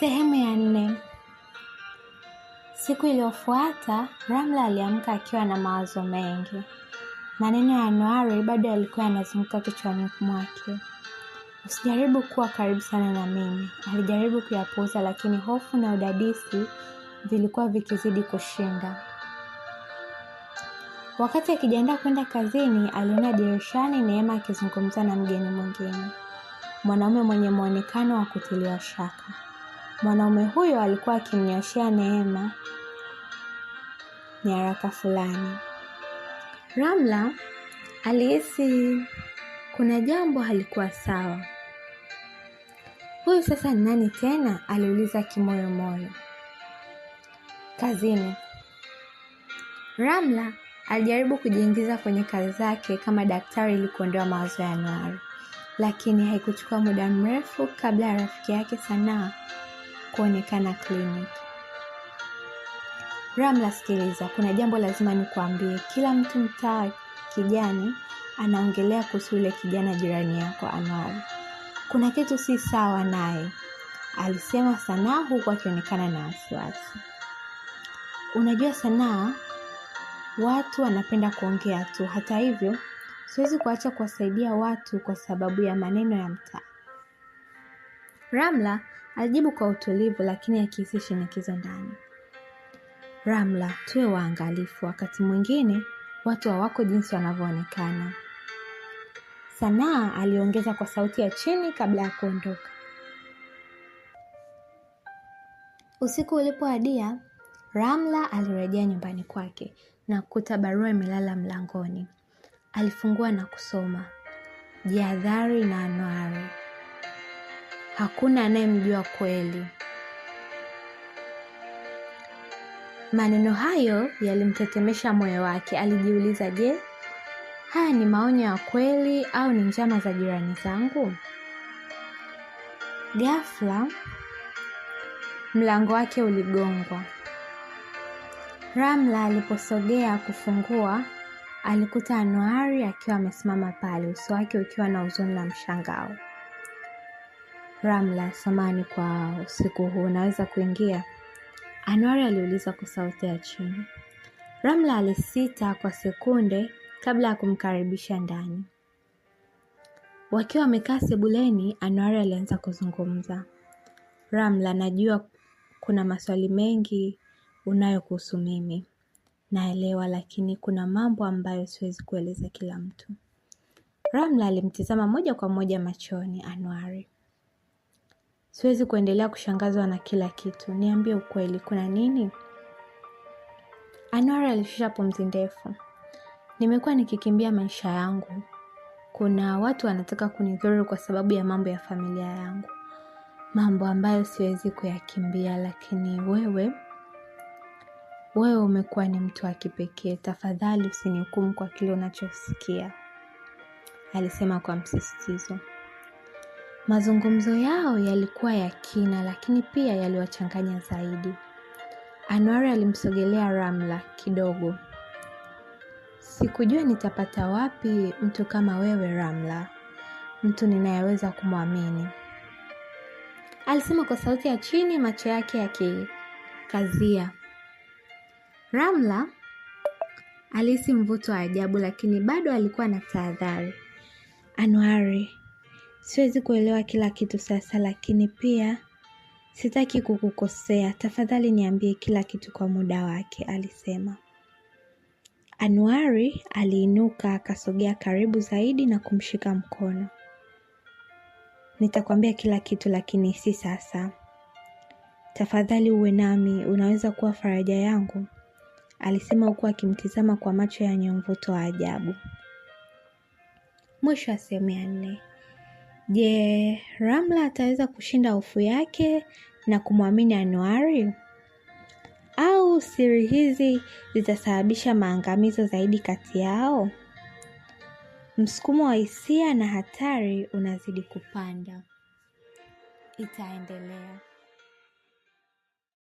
Sehemu ya nne. Siku iliyofuata Ramla aliamka akiwa na mawazo mengi. Maneno ya Anuari bado yalikuwa yanazunguka kichwani mwake. Usijaribu kuwa karibu sana na mimi, alijaribu kuyapuuza, lakini hofu na udadisi vilikuwa vikizidi kushinda. Wakati akijiandaa kwenda kazini, aliona dirishani Neema akizungumza na mgeni mwingine, mwanaume mwenye muonekano wa kutiliwa shaka. Mwanaume huyo alikuwa akimnyoshea Neema nyaraka fulani. Ramla alihisi kuna jambo halikuwa sawa. Huyu sasa ni nani tena? aliuliza kimoyomoyo. Kazini, Ramla alijaribu kujiingiza kwenye kazi zake kama daktari ili kuondoa mawazo ya Anuari, lakini haikuchukua muda mrefu kabla ya rafiki yake Sanaa kuonekana clinic. Ramla, sikiliza, kuna jambo lazima nikuambie. Kila mtu mtaa kijani anaongelea kuhusu yule kijana jirani yako Anwar. Kuna kitu si sawa naye, alisema Sanaa huku akionekana na wasiwasi. Unajua Sanaa, watu wanapenda kuongea tu. Hata hivyo, siwezi kuacha kuwasaidia watu kwa sababu ya maneno ya mtaa. Ramla Alijibu kwa utulivu lakini akihisi shinikizo ndani. Ramla, tuwe waangalifu, wakati mwingine watu hawako jinsi wanavyoonekana. Sanaa aliongeza kwa sauti ya chini kabla ya kuondoka. Usiku ulipoadia, Ramla alirejea nyumbani kwake na kukuta barua imelala mlangoni. Alifungua na kusoma: Jihadhari na Anwari hakuna anayemjua kweli. Maneno hayo yalimtetemesha moyo wake. Alijiuliza, je, haya ni maonyo ya kweli au ni njama za jirani zangu? Ghafla mlango wake uligongwa. Ramla aliposogea kufungua, alikuta Anuari akiwa amesimama pale, uso wake ukiwa na huzuni na mshangao. Ramla, samani kwa usiku huu, naweza kuingia? anwari aliuliza kwa sauti ya chini. Ramla alisita kwa sekunde kabla ya kumkaribisha ndani. Wakiwa wamekaa sebuleni, anwari alianza kuzungumza. Ramla, najua kuna maswali mengi unayo kuhusu mimi, naelewa, lakini kuna mambo ambayo siwezi kueleza kila mtu. Ramla alimtizama moja kwa moja machoni Anwari. Siwezi kuendelea kushangazwa na kila kitu. Niambie ukweli, kuna nini? Anwar alishusha pumzi ndefu. Nimekuwa nikikimbia maisha yangu. Kuna watu wanataka kunidhuru kwa sababu ya mambo ya familia yangu, mambo ambayo siwezi kuyakimbia. Lakini wewe, wewe umekuwa ni mtu wa kipekee. Tafadhali usinihukumu kwa kile unachosikia, alisema kwa msisitizo. Mazungumzo yao yalikuwa ya kina lakini pia yaliwachanganya zaidi. Anwar alimsogelea Ramla kidogo. Sikujua nitapata wapi mtu kama wewe Ramla, mtu ninayeweza kumwamini, alisema kwa sauti ya chini, macho yake yakikazia. Ramla alihisi mvuto wa ajabu, lakini bado alikuwa na tahadhari. Anwari Siwezi kuelewa kila kitu sasa, lakini pia sitaki kukukosea. Tafadhali niambie kila kitu kwa muda wake, alisema. Anuari aliinuka akasogea karibu zaidi na kumshika mkono. Nitakwambia kila kitu lakini si sasa. Tafadhali uwe nami, unaweza kuwa faraja yangu, alisema huku akimtizama kwa macho yenye mvuto wa ajabu. Mwisho wa sehemu ya nne. Je, Ramla ataweza kushinda hofu yake na kumwamini Anuari? Au siri hizi zitasababisha maangamizo zaidi kati yao? Msukumo wa hisia na hatari unazidi kupanda. Itaendelea.